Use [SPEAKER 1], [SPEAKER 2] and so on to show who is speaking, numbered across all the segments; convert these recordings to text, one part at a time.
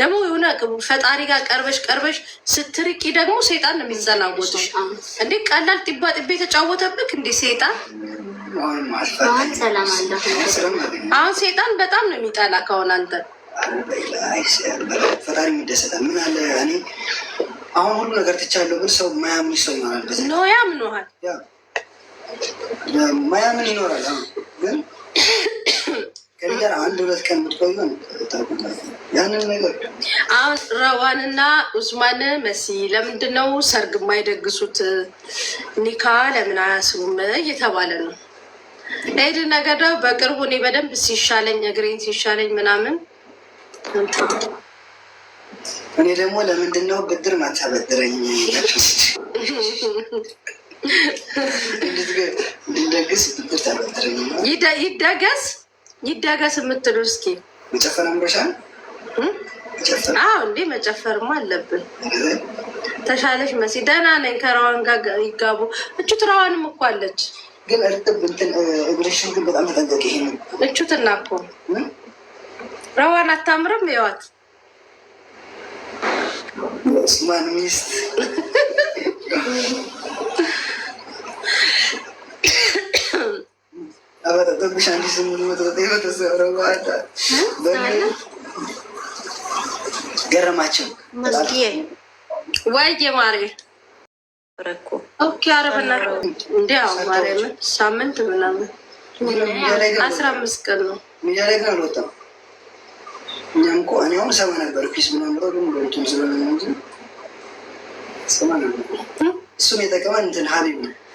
[SPEAKER 1] ደግሞ የሆነ ፈጣሪ ጋር ቀርበሽ ቀርበሽ ስትርቂ ደግሞ ሴጣን ነው የሚዘናወጥሽ። እንዴ ቀላል ጢባ ጢቤ የተጫወተብክ እንዴ ሴጣን። አሁን ሴጣን በጣም ነው የሚጠላ ከሆነ አንተ
[SPEAKER 2] ፈጣሪ የሚደሰታል። ምን አለ እኔ አሁን ሁሉ ነገር ትቻለሁ፣ ግን ሰው ማያምን ሰው ይኖራል።
[SPEAKER 1] ኖ ያምንሃል፣
[SPEAKER 2] ማያምን ይኖራል ግን ከዚህ አንድ ሁለት ቀን የምትቆዩ ያንን ነገር
[SPEAKER 1] አሁን ረዋንና ኡስማን መሲ ለምንድን ነው ሰርግ የማይደግሱት? ኒካ ለምን አያስቡም እየተባለ ነው። ይህ ነገር ደግሞ በቅርቡ እኔ በደንብ ሲሻለኝ እግሬን ሲሻለኝ ምናምን
[SPEAKER 2] እኔ ደግሞ ለምንድን ነው ብድር ማታበድረኝ ይደገስ ብድር ታበድረኝ
[SPEAKER 1] ይደገስ ይደገስ የምትሉ እስኪ
[SPEAKER 2] መጨፈር አምሮሻል?
[SPEAKER 1] አዎ እንዴ መጨፈርማ አለብን። ተሻለሽ መሲ ደህና ነኝ። ከራዋን ጋር ይጋቡ እቹ ትራዋንም እኮ አለች።
[SPEAKER 2] ግን እርጥብ እንትን እግርሽን ግን በጣም ተጠንቀቂ። ይሄን
[SPEAKER 1] እቹት ትና እኮ ረዋን አታምርም። ይዋት
[SPEAKER 2] ኡስማን ሚስት ገረማቸው
[SPEAKER 1] ወይ ማሪ እኮ ኦኬ አረብና እንዲ ማርያምን ሳምንት ምናምን አስራ አምስት ቀን ነው።
[SPEAKER 2] ሚዲያ ላይ ግን አልወጣም። እኛም እኮ እኔ አሁን ሰማ ነበር ፒስ ምናምን ብለው ግን ሁለቱም ስለሆነ እንጂ ሰማ ነበር። እሱም የጠቀመን እንትን ሀቢብ ነው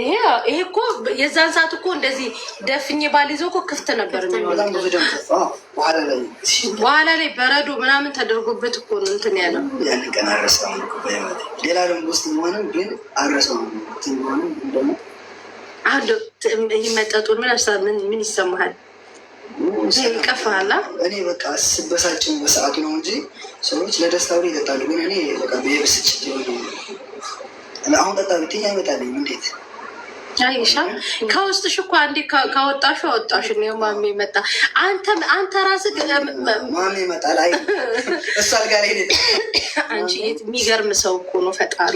[SPEAKER 1] ይሄ ይሄ እኮ የዛን ሰዓት እኮ እንደዚህ ደፍኝ ባል ይዘው እኮ ክፍት ነበር በኋላ ላይ በረዶ ምናምን ተደርጎበት እኮ ነው እንትን ያለው።
[SPEAKER 2] ያን ቀን አረሳው። ሌላ ደግሞ ውስጥ ሆንም ግን አረሳው
[SPEAKER 1] ደግሞ ምን አሳ ምን ምን ይሰማሃል? ይቀፋላ እኔ በቃ ስበሳጭን በሰዓቱ ነው እንጂ ሰዎች ለደስታ ብሎ ይጠጣሉ። ግን እኔ በቃ ብስጭት አሁን ጠጣ ብትኝ አይመጣልኝም እንዴት አይሻ ከውስጥሽ እኮ አንዴ ከወጣሹ አወጣሽ። እኔው ማሚ መጣ። አንተ አንተ ራስህ ማሚ ይመጣል። አይ እሷል ጋር ሄደ። አንቺ የሚገርም ሰው እኮ ነው ፈጣሪ።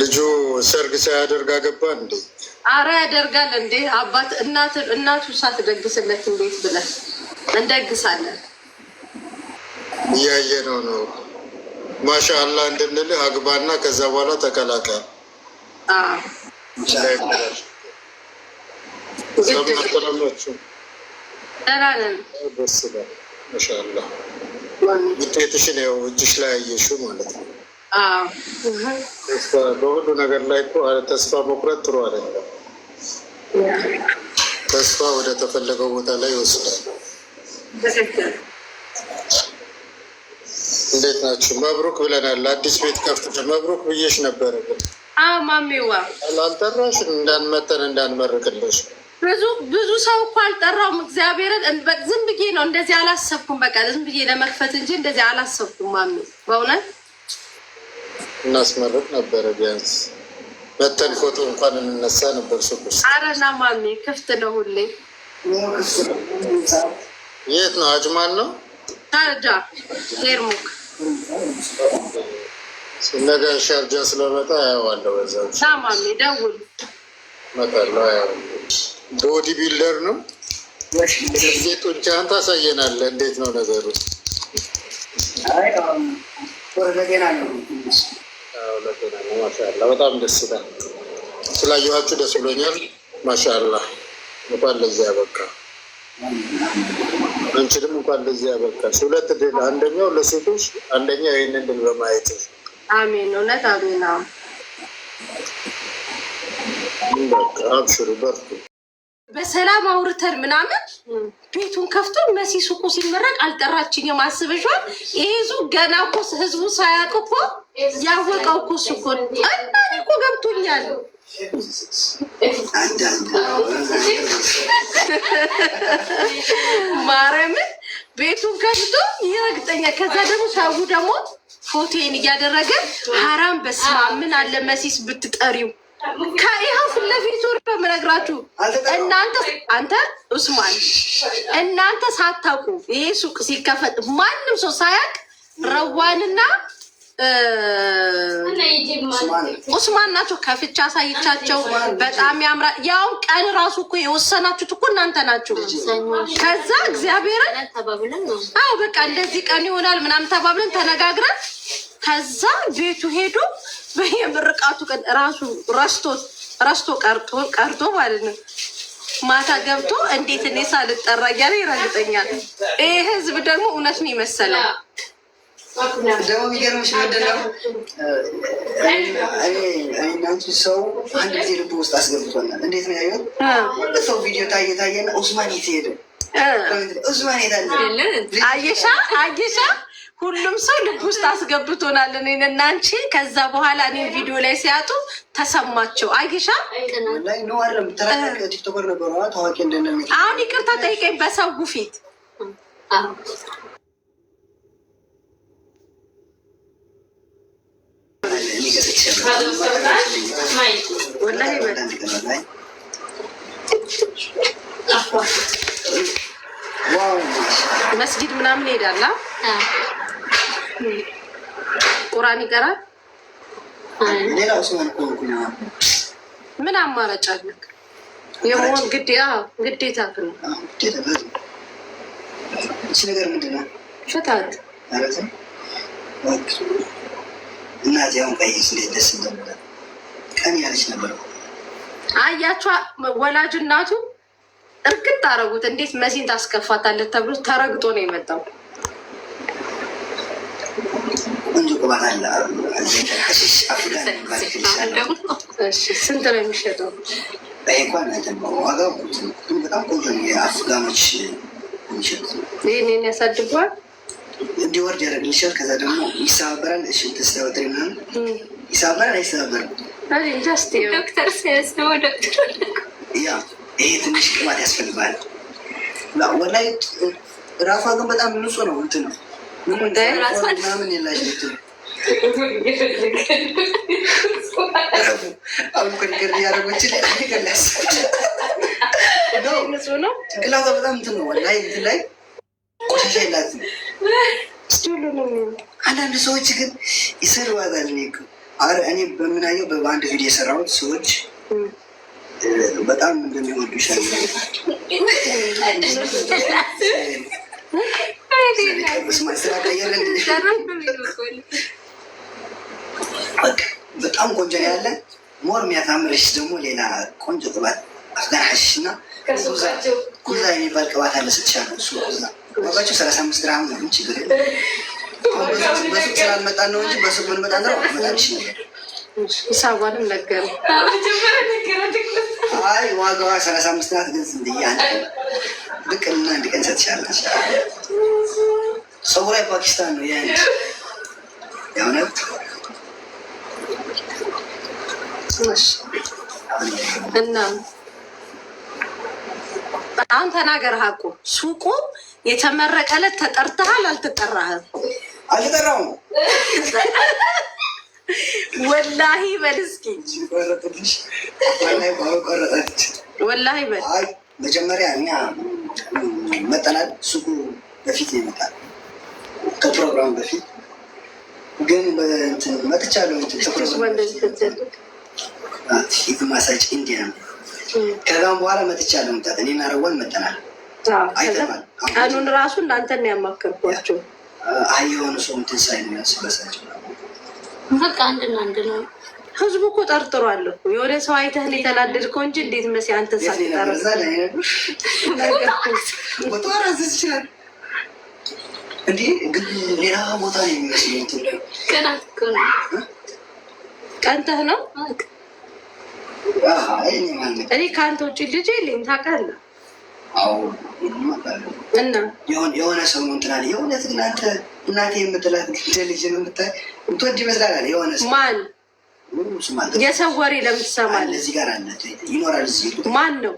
[SPEAKER 1] ልጁ ሰርግ ሳያደርግ አገባ እንዴ? አረ ያደርጋል እንዴ አባት እናት እናቱ ሳትደግስለት እንዴት ብለን እንደግሳለን? እያየ ነው ነው ማሻአላ እንድንልህ አግባና ከዛ በኋላ ተከላከል ውጤትሽን ያው እጅሽ ላይ አየሽው ማለት ነው። በሁሉ ነገር ላይ ተስፋ መቁረጥ ጥሩ አይደለም። ተስፋ ወደ ተፈለገው ቦታ ላይ ይወስዳል። እንዴት ናችሁ? መብሩክ ብለናል። አዲስ ቤት ከፍተሻል። መብሩክ ብዬሽ ነበረ ግን ማሜዋ አልጠራሽም እንዳንመጠን እንዳንመርቅልሽ ብዙ ብዙ ሰው እኮ አልጠራውም። እግዚአብሔርን ዝም ብዬ ነው እንደዚህ አላሰብኩም። በቃ ዝም ብዬ ለመክፈት እንጂ እንደዚህ አላሰብኩም። ማሜ በእውነት እናስመርቅ ነበረ። ቢያንስ መተን ፎቶ እንኳን እንነሳ ነበር። ሱቁስ አረና ማሜ ክፍት ነው ሁሌ። የት ነው? አጅማን ነው ታጃ ሄርሙክ ነገ ሻርጃ ስለመጣ ያዋለው በዛሳማሚ ደውል መጣለው። ቦዲ ቢልደር ነው። ጡንቻህን ታሳየናለህ። እንዴት ነው ነገሩ? በጣም ደስ ይላል። ስላየኋችሁ ደስ ብሎኛል። ማሻላ እንኳን ለዚያ ያበቃ። አንችልም እንኳን ለዚያ ያበቃ። ሁለት ድል፣ አንደኛው ለሴቶች፣ አንደኛው ይህንን ድል በማየት አሜን። እውነት አሜን። በሰላም አውርተን ምናምን ቤቱን ከፍቶ መሲ ሱቁ ሲመረቅ አልጠራችኝም። አስበሽዋል? ይሄዙ ገና እኮ ህዝቡ ሳያውቅ እኮ ያወቀው እኮ ሱቁን እና እኔ እኮ ገብቶኛል። ማርያምን ቤቱን ከፍቶ ይረግጠኛል። ከዛ ደግሞ ሰው ደግሞ ፎቶዬን እያደረገ ሀራም በስማምን አለ መሲስ ብትጠሪው ከይኸው ፊት ለፊት ዞር እናንተ አንተ ኡስማን እናንተ ሳታውቁ ይሄ ሱቅ ሲከፈት ማንም ሰው ሳያውቅ ረዋንና ኡስማን ናቸው። ከፍቻ አሳይቻቸው በጣም ያምራ። ያው ቀን ራሱ እኮ የወሰናችሁት እኮ እናንተ ናችሁ። ከዛ እግዚአብሔርን አዎ በቃ እንደዚህ ቀን ይሆናል ምናምን ተባብለን ተነጋግረን ከዛ ቤቱ ሄዶ በየምርቃቱ ቀን ራሱ ረስቶ ረስቶ ቀርቶ ቀርቶ ማለት ነው። ማታ ገብቶ እንዴት እኔ ሳልጠራ እያለ ይረግጠኛል። ይህ ህዝብ ደግሞ እውነት ነው ይመሰላል። ደግሞ የሚገርምሽ ምንድነው እናንቺ ሰው አንድ ጊዜ ልብ ውስጥ አስገብቶናል። እንዴት ነው ያየው? ሰው ቪዲዮ ታየ ታየና ኡስማን የት ሄደ? ኡስማን የት አየሻ አየሻ ሁሉም ሰው ልብ ውስጥ አስገብቶናል። እኔን እና አንቺ ከዛ በኋላ እኔ ቪዲዮ ላይ ሲያጡ ተሰማቸው። አይሻ አሁን ይቅርታ ጠይቀኝ በሰው ፊት መስጊድ ምናምን ይሄዳላ፣ ቁራን ይቀራል። ምን አማራጭ አለ? የመሆን ግዴታ ግዴታ ነው ፍታት እናቴ አሁን ቀይስ እንዴት ደስ እንደምለ ቀን ያለች ነበር። አያቿ ወላጅ እናቱ እርግጥ አረጉት። እንዴት መሲን ታስከፋታለት ተብሎ ተረግጦ ነው የመጣው። ስንት ነው የሚሸጠው? ዋጋው በጣም ቆንጆ ነው። የአፍጋኖች ይህንን ያሳድጓል እንዲወርድ ያደርግልሻል። ከዛ ደግሞ ይሰባበራል። እሽ ተስተወጥሪ ምናምን ይሰባበራል። አይሰባበርም። ዶክተር ሳያዝ ያ ይሄ ትንሽ ቅባት ያስፈልጋል። ወላይ ራሷ ግን በጣም ንጹ ነው። እንት ነው ምናምን የላሽ አሁን ክርክር እያደረጎች ነው። ቅላቷ በጣም እንትን ነው። ወላይ እንትን ላይ ቆሻሻ የላትም አንዳንድ ሰዎች ግን ይሰድባታል። እኔ እኔ በምናየው በአንድ ቪዲዮ የሰራሁት ሰዎች በጣም እንደሚወዱ ይሻላል። በጣም ቆንጆ ያለ ሞር የሚያታምርሽ ደግሞ ሌላ ቆንጆ ቅባት አጋሽና ኩዛ የሚባል ቅባት አለ ስትሻለው እሱ ኩዛ ካወጣችሁ ሰላሳ አምስት ድርሃም ነው ችግር በሱቅ ስላልመጣ ነው እንጂ በሱቅ ብንመጣ ነው ነገር አይ ዋጋዋ ሰላሳ አምስት ናት። ግን ዝንብያለ አንድ ቀን ሰጥሻለች። ፓኪስታን ነው እና አሁን ተናገር ሀቁ ሱቁ የተመረቀ ዕለት ተጠርተሃል? አልተጠራህም? አልተጠራሁም። ወላሂ በል እስኪ ወላሂ በል። መጀመሪያ እኛ መጠናል ሱቁ በፊት ይመጣል ከፕሮግራም በፊት ግን መጥቻለሁ። ማሳጭ እንዲ ከዛም በኋላ መጥቻለሁ። እኔና ረዋን መጠናል ቀኑን ራሱ እናንተ ነው ያማከርኳቸው። አይ የሆነ ሰው እንትን በቃ አንድና አንድ ነው። ህዝቡ እኮ ጠርጥሯል እኮ የሆነ ሰው አይተህ ነው የተናደድከው እንጂ እንዴት መሲ አንተ ሳጠረዝችላል እንዴ? ሌላ ቦታ ነው የሚመስለኝ። ቀንተህ ነው እኔ ከአንተ ውጭ ልጅ የለኝም ታውቃለህ አዎ እና የሆነ ሰው ነው እንትን አለ። የእውነት እናንተ እናቴ የምትላት ልጅ የምትወድ ይመስላል የሆነ ሰው ማን የሰው ወሬ ለምትሰማል እዚህ ጋር አለ ይኖራል። እዚህ ማን ነው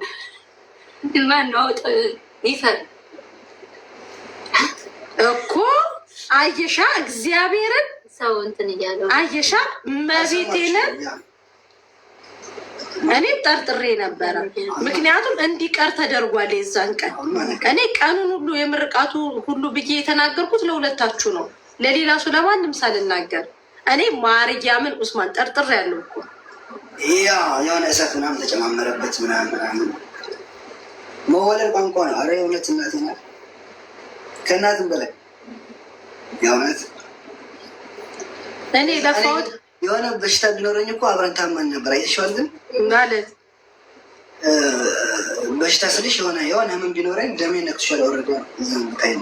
[SPEAKER 1] ማን ነው ይፈር እኮ አየሻ፣ እግዚአብሔርን ሰው እንትን እያለ አየሻ መቤቴንን እኔም ጠርጥሬ ነበረ። ምክንያቱም እንዲቀር ተደርጓል። የዛን ቀን እኔ ቀኑን ሁሉ የምርቃቱ ሁሉ ብዬ የተናገርኩት ለሁለታችሁ ነው፣ ለሌላ ሰው ለማንም ሳልናገር እኔ ማርያምን ኡስማን ጠርጥሬ ያለው እኮ ያ የሆነ እሳት ምናምን ተጨማመረበት ምናምን ምናምን መወለድ ቋንቋ ነው። አረ የእውነት እናት ና ከእናትም በላይ የእውነት እኔ ለፋወት የሆነ በሽታ ቢኖረኝ እኮ አብረን ታመን ነበር። አይተሽዋል። ግን ማለት በሽታ ስልሽ የሆነ የሆነ ህመም ቢኖረኝ ደሜ ነክሷል። ወረደ እዛ ታይ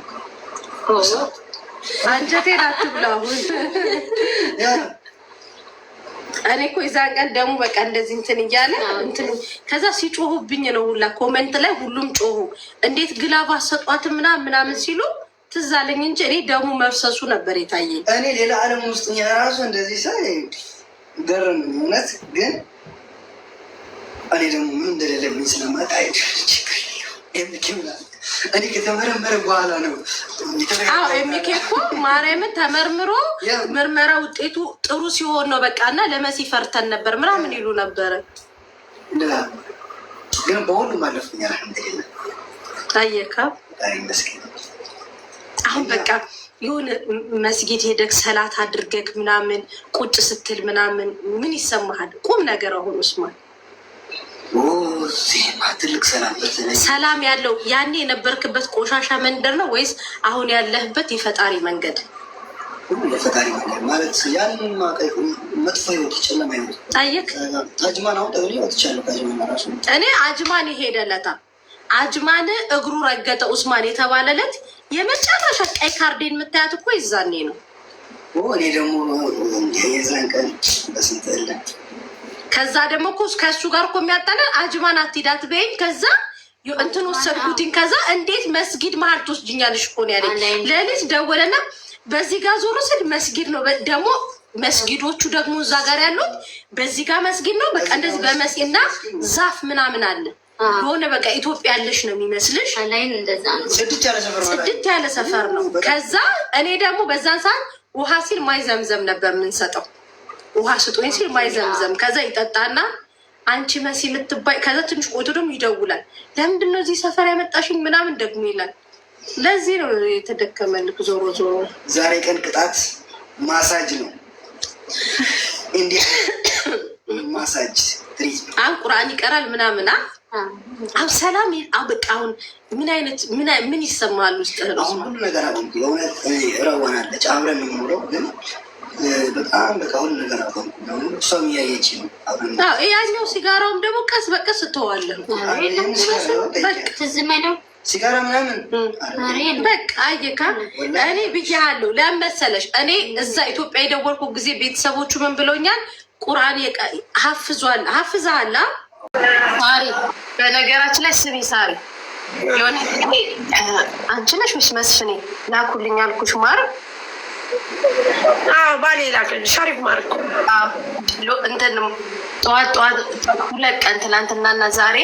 [SPEAKER 1] አንጀቴን አትብላ። አሁን እኔ እኮ የዛን ቀን ደግሞ በቃ እንደዚህ እንትን እያለ እንትን ከዛ ሲጮሁብኝ ነው ሁላ ኮመንት ላይ ሁሉም ጮሁ። እንዴት ግላባ ሰጧት ምናምን ምናምን ሲሉ ትዝ አለኝ እንጂ እኔ ደሙ መፍሰሱ ነበር የታየኝ። እኔ ሌላ ዓለም ውስጥ ራሱ እንደዚህ ሰ ገረም እውነት ግን እኔ ደግሞ ምን እንደሌለብኝ ስለማጣ ችግር እኔ ከተመረመረ በኋላ ነው። አዎ ኤሚኬ እኮ ማርያምን ተመርምሮ ምርመራ ውጤቱ ጥሩ ሲሆን ነው በቃ እና ለመሲ ፈርተን ነበር ምናምን ይሉ ነበረ። ግን በሁሉም አለፍኛ አልሐምዱሊላህ። ታየካ ይመስገን አሁን በቃ የሆነ መስጊድ ሄደክ ሰላት አድርገክ ምናምን ቁጭ ስትል ምናምን ምን ይሰማሃል? ቁም ነገር አሁን ውስማል ሰላም ያለው ያኔ የነበርክበት ቆሻሻ መንደር ነው ወይስ አሁን ያለህበት የፈጣሪ መንገድ? የፈጣሪ መንገድ ማለት መጥፎ ህይወት ጠይቅ። አጅማን አሁን አጅማን ራሱ እኔ አጅማን ይሄደለታ አጅማን እግሩ ረገጠ ኡስማን የተባለለት የመጨረሻ ቀይ ካርዴን የምታያት እኮ ይዛኔ ነው። እኔ ደግሞ የዛን ቀን በስንት ከዛ ደግሞ እኮ ከእሱ ጋር እኮ የሚያጣለ አጅማን አትሂዳት በይኝ። ከዛ እንትን ወሰድኩትኝ። ከዛ እንዴት መስጊድ መሀል ትወስጅኛለሽ እኮ ነው ያለኝ። ለሊት ደወለና በዚህ ጋር ዞሮ ስል መስጊድ ነው ደግሞ መስጊዶቹ ደግሞ እዛ ጋር ያሉት በዚህ ጋር መስጊድ ነው በቃ እንደዚህ በመስና ዛፍ ምናምን አለ የሆነ በቃ ኢትዮጵያ ያለሽ ነው የሚመስልሽ። ስድት ያለ ሰፈር ነው። ከዛ እኔ ደግሞ በዛን ሰዓት ውሃ ሲል ማይዘምዘም ነበር የምንሰጠው። ውሃ ስጡኝ ሲል ማይዘምዘም። ከዛ ይጠጣና አንቺ መሲ የምትባይ ከዛ ትንሽ ቆይቶ ደግሞ ይደውላል። ለምንድን ነው እዚህ ሰፈር ያመጣሽኝ ምናምን ደግሞ ይላል። ለዚህ ነው የተደከመልክ። ዞሮ ዞሮ ዛሬ ቀን ቅጣት ማሳጅ ነው። እንዲህ ማሳጅ አሁን ቁርአን ይቀራል ምናምና አው ሰላም አው በቃ አሁን ምን አይነት ምን ምን ይሰማል ውስጥ ነው አሁን ሁሉ ነገር አቁም። የእውነት ረዋናለች አብረን የምንውለው ግን በጣም በቃ ሁሉ ነገር አቁም። እሷም እያየች ነው። ያኛው ሲጋራውም ደግሞ ቀስ በቀስ እተዋለሁ ነው ሲጋራ ምናምን በቃ አየካ እኔ ብያለሁ። ለመሰለሽ እኔ እዛ ኢትዮጵያ የደወልኩ ጊዜ ቤተሰቦቹ ምን ብለውኛል? ቁርአን ሀፍዟል ሀፍዛላ በነገራችን ላይ ስቢ ሳሪ የሆነ አንቺ ነሽ ወይስ መስፍኔ ላኩልኝ አልኩሽ ማር ባሌ ላክልኝ ሻሪፍ ማርኩ እንትን ጠዋት ጠዋት ሁለት ቀን ትላንትናና ዛሬ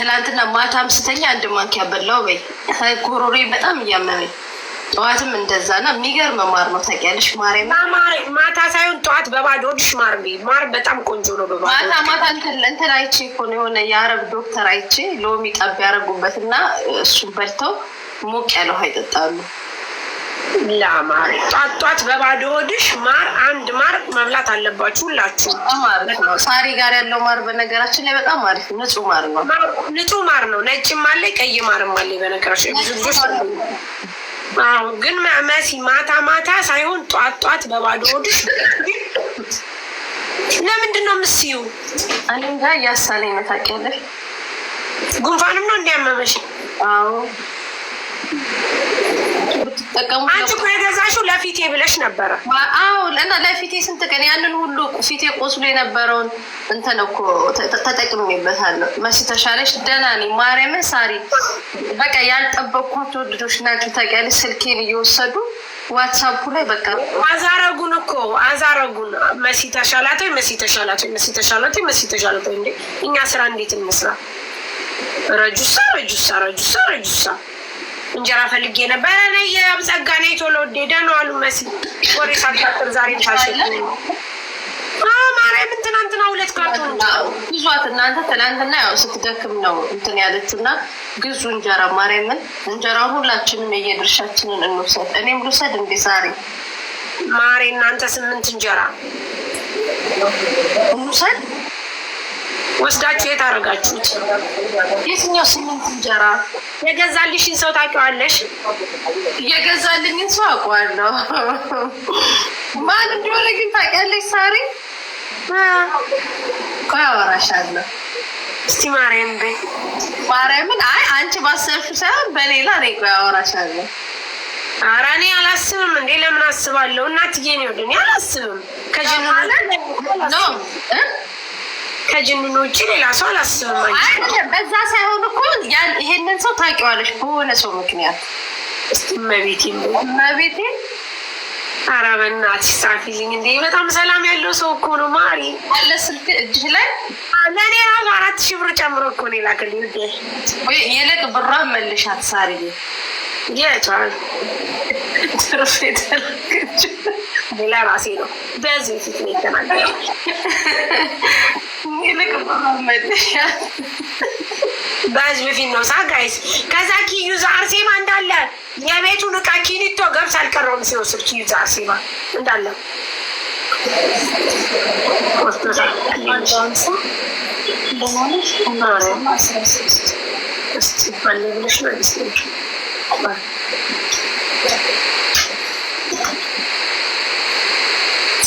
[SPEAKER 1] ትላንትና ማታ አምስተኛ አንድ ማንኪያ በላው በይ ጉሮሮዬ በጣም እያመመኝ ጠዋትም እንደዛ ና የሚገርም ማር ነው ታውቂያለሽ። ማር ማታ ሳይሆን ጠዋት በባዶ ሆድሽ ማር ማር በጣም ቆንጆ ነው። በባዶ ማታ ማታ እንትን አይቼ እኮ ነው የሆነ የአረብ ዶክተር አይቼ ሎሚ ጠብ ያደረጉበት እና እሱን በልተው ሞቅ ያለው ውሃ ይጠጣሉ። ለማር ጧት ጧት በባዶ ሆድሽ ማር አንድ ማር መብላት አለባችሁ ሁላችሁ። ሳሪ ጋር ያለው ማር በነገራችን ላይ በጣም አሪፍ ንጹህ ማር ነው። ንጹህ ማር ነው። ነጭም አለ ቀይ ማርም አለ። በነገራችን ብዙ ልጆች አዎ ግን መሲ ማታ ማታ ሳይሆን ጧት ጧት በባዶ ሆድሽ ለምንድን ነው የምትስይው? እኔ እንጃ እያሳለኝ ነው ታውቂያለሽ። ጉንፋንም ነው እንዲያመመሽ? አዎ የምትጠቀሙ አንቺ እኮ የገዛሽው ለፊቴ ብለሽ ነበረ። አዎ እና ለፊቴ ስንት ቀን ያንን ሁሉ ፊቴ ቆስሎ የነበረውን እንትን እኮ ተጠቅሜበታለሁ። መሲ ተሻለሽ፣ ደህና ነኝ። ማርያምን ሳሪ በቃ ያልጠበቅኳቸው ልጆች ናቸው። ታውቂያለሽ ስልኬን እየወሰዱ ዋትሳፑ ላይ በቃ አዛረጉን እኮ አዛረጉን። መሲ ተሻላት መሲ ተሻላት መሲ ተሻላት መሲ ተሻላት እንዴ! እኛ ስራ እንዴት እንስራ? ረጁሳ ረጁሳ ረጁሳ ረጁሳ እንጀራ ፈልጌ ነበረ። ነ የጸጋ ነኝ ቶሎ ወደደ ነው አሉ መሲ ወሬ ሳታጥር ዛሬ ታሽ ማርያምን ትናንትና ሁለት ግዟት እናንተ። ትናንትና ያው ስትደክም ነው እንትን ያለችና ግዙ እንጀራ ማርያምን፣ እንጀራ ሁላችንም የየድርሻችንን እንውሰድ። እኔም ልውሰድ እንዴ ዛሬ ማሬ እናንተ ስምንት እንጀራ እንውሰድ ወስዳችሁ የት አደረጋችሁት? የትኛው ስምንት እንጀራ? የገዛልሽን ሰው ታውቂዋለሽ? የገዛልኝን ሰው አውቀዋለሁ። ማን እንደሆነ ግን ታውቂያለሽ? ሳሪ ቆይ አወራሻለሁ። እስቲ ማርያም በይ። ማርያምን አይ አንቺ ባሰብሽው ሳይሆን በሌላ እኔ ቆይ አወራሻለሁ። ኧረ እኔ አላስብም እንዴ! ለምን አስባለሁ? እናትዬ ነው ድን አላስብም ከጅኑ ከጅንን ውጭ ሌላ ሰው አላስብም። በዛ ሳይሆን እኮ ይሄንን ሰው ታውቂዋለሽ በሆነ ሰው ምክንያት እስቲ መቤቴ መቤቴ ኧረ በእናትሽ ጻፊልኝ እንዴ! በጣም ሰላም ያለው ሰው እኮ ነው። ማሪ አለ ስልክ እጅሽ ላይ ለእኔ ራሱ አራት ሺህ ብር ጨምሮ እኮ ነው የላከልኝ። የለቅ ብራ መልሻት ሳሪ የጫል ትርፍ የተላከችው ሌላ ራሴ ነው በዚህ ፊት ነው የተናገረው። በህዝብ ፊት ነው ሳ ጋይስ። ከዛ ኪዩ ዘአርሴማ እንዳለ የቤቱን እቃ ኪኒቶ ገብስ አልቀረውም ሲወስድ ኪዩ ዘአርሴማ እንዳለ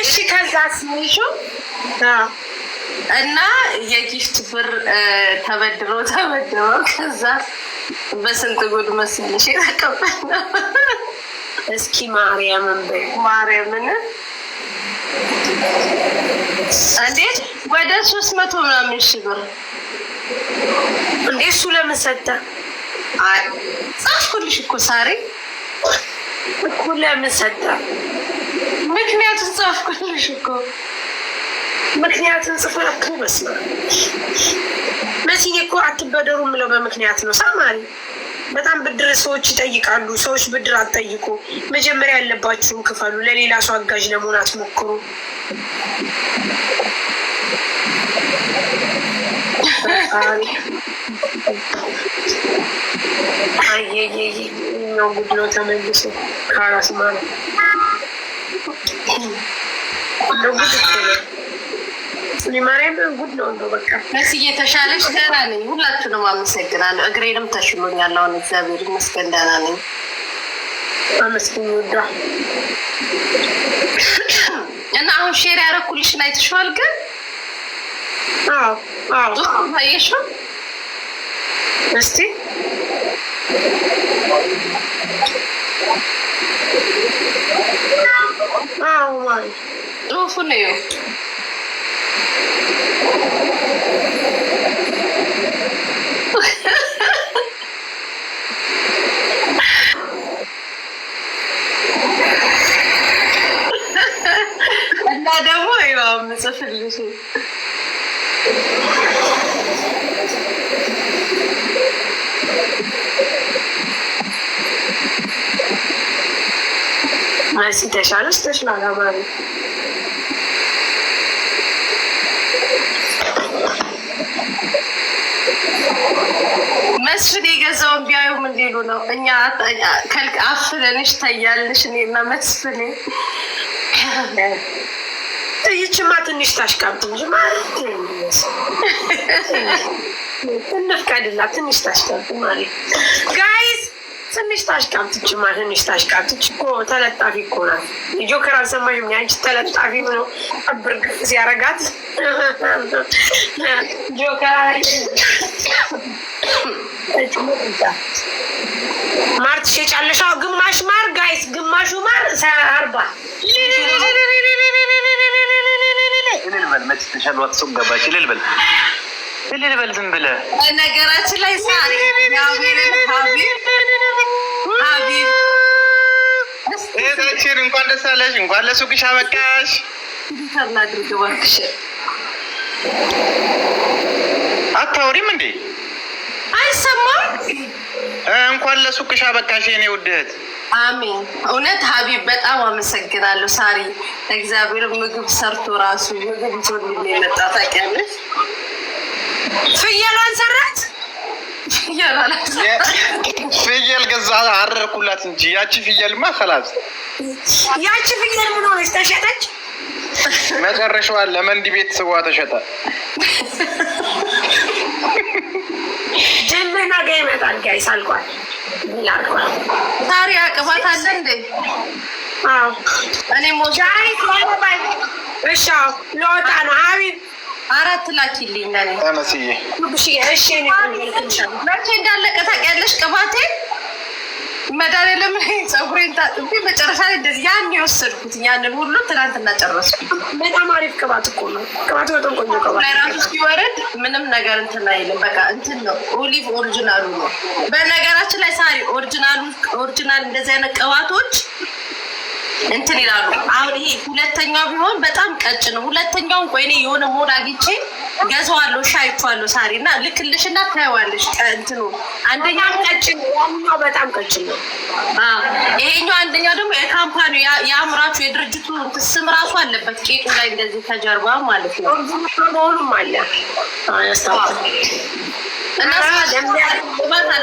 [SPEAKER 1] እሺ ከዛ ስሚሹ እና የጊፍት ብር ተበድሮ ተበድሮ ከዛ በስንት ጉድ መስልሽ የተቀበል ነው። እስኪ ማርያምን በ ማርያምን እንዴት ወደ ሶስት መቶ ምናምን ሺህ ብር እንዴ እሱ ለምን ሰጠ? ጻፍኩልሽ እኮ ሳሪ እኮ ለምን ሰጠ? ምክንያቱን ጻፍኩልሽ እኮ ምክንያቱን ጽፎ እኮ በስማ መሲዬ እኮ አትበደሩ ምለው በምክንያት ነው። ሳማሪ በጣም ብድር ሰዎች ይጠይቃሉ። ሰዎች ብድር አትጠይቁ። መጀመሪያ ያለባችሁን ክፈሉ። ለሌላ ሰው አጋዥ ለመሆን አትሞክሩ። ይኸኛው ጉድ ነው ተመልሶ ከአራስ ማለት ማርያም ጉድ ነው እንደው በቃ መስዬ ተሻለች። ደህና ነኝ። ሁላችሁንም አመሰግናለሁ። እግሬንም ተሽሎኛል። አሁን እግዚአብሔር ይመስገን ደህና ነኝ። አመስግኝ ወዳ እና አሁን ሼር ያደረኩልሽን አይተሽዋል ግን አዎ አዎ እስቲ ጽሑፉን እዩ እና ደግሞ ይኸው የምጽፍልሽ ሲተሻለች ተሽላል አባሪ መስፍን የገዛውን ቢያዩ ምን ሊሉ ነው? እኛ ከልቅ አፍለንሽ ተያለሽ። እኔና መስፍን ይችማ ትንሽ ታሽቃብጥ እንጂ ማለት እንፍቀድላት። ትንሽ ታሽቃብጥ ማለት ጋይ ትንሽ ታሽቃብጥች ማንሽ ታሽቃብጥች እኮ ተለጣፊ እኮ ናት። ጆከር አልሰማሽም? ያንቺ ተለጣፊ ነው ብርግ ሲያረጋት ጆከር ማር ትሸጫለሽ? ግማሽ ማር ጋይስ፣ ግማሹ ማር አርባ ልልበል መች ተሻሏት ሰው ገባች ልልበል ምን ልበል? ዝም ብለህ ነገራችን ላይ እህታችን እንኳን ደስ አለሽ፣ እንኳን ለሱቅሽ አበቃሽ። እባክሽ። አታወሪም እንዴ? አይሰማም። እንኳን ለሱቅሽ አበቃሽ የኔ ውድ አሜን። እውነት ሀቢብ በጣም አመሰግናለሁ። ሳሪ እግዚአብሔር ምግብ ሰርቶ ራሱ ምግብ የመጣ ታውቂያለሽ ፍየሏን ሰራች። ፍየል ገዛ አረርኩላት እንጂ ያቺ ፍየልማ ከላስ ያቺ ፍየል ምን ሆነች? ተሸጠች። መጨረሻዋን ለመንድ ቤት ስዋ ተሸጠ። ጀመና ጋ ይመጣል። ጋይ ሳልቋል ታሪያ አቅባት አለ እንዴ? እኔ ሞ ዛሬ ባይ እሻ ለወጣ ነው አቢብ አራት ላኪልኝ መስዬ። መቼ እንዳለቀ ታውቂያለሽ? ቅባቴ መድኃኒዓለም ፀጉሬን ታጥቤ መጨረሻ ላይ እንደዚህ ያን የወሰድኩት ያንን ሁሉ ትናንትና ጨረስኩት። በጣም አሪፍ ቅባት እኮ ነው። ቅባት በጣም ቆንጆ ቅባት ራሱ ሲወርድ ምንም ነገር እንትን አይልም። በቃ እንትን ነው። ኦሊቭ ኦሪጂናሉ ነው። በነገራችን ላይ ሳሪ ኦሪጂናሉ ኦሪጂናል እንደዚህ አይነት ቅባቶች እንትን ይላሉ። አሁን ይሄ ሁለተኛው ቢሆን በጣም ቀጭ ነው። ሁለተኛውን ቆይኔ የሆነ ሞድ አግኝቼ ገዛዋለሁ። ሻይቷለሁ ሳሪ እና ልክልሽ እና ታይዋለሽ። እንትኑ አንደኛው ቀጭ ነው፣ በጣም ቀጭ ነው። ይሄኛው አንደኛው ደግሞ የካምፓኒ የአምራቹ የድርጅቱ ስም ራሱ አለበት ቄጡ ላይ እንደዚህ ከጀርባ ማለት ነው። ሁሉም አለ እና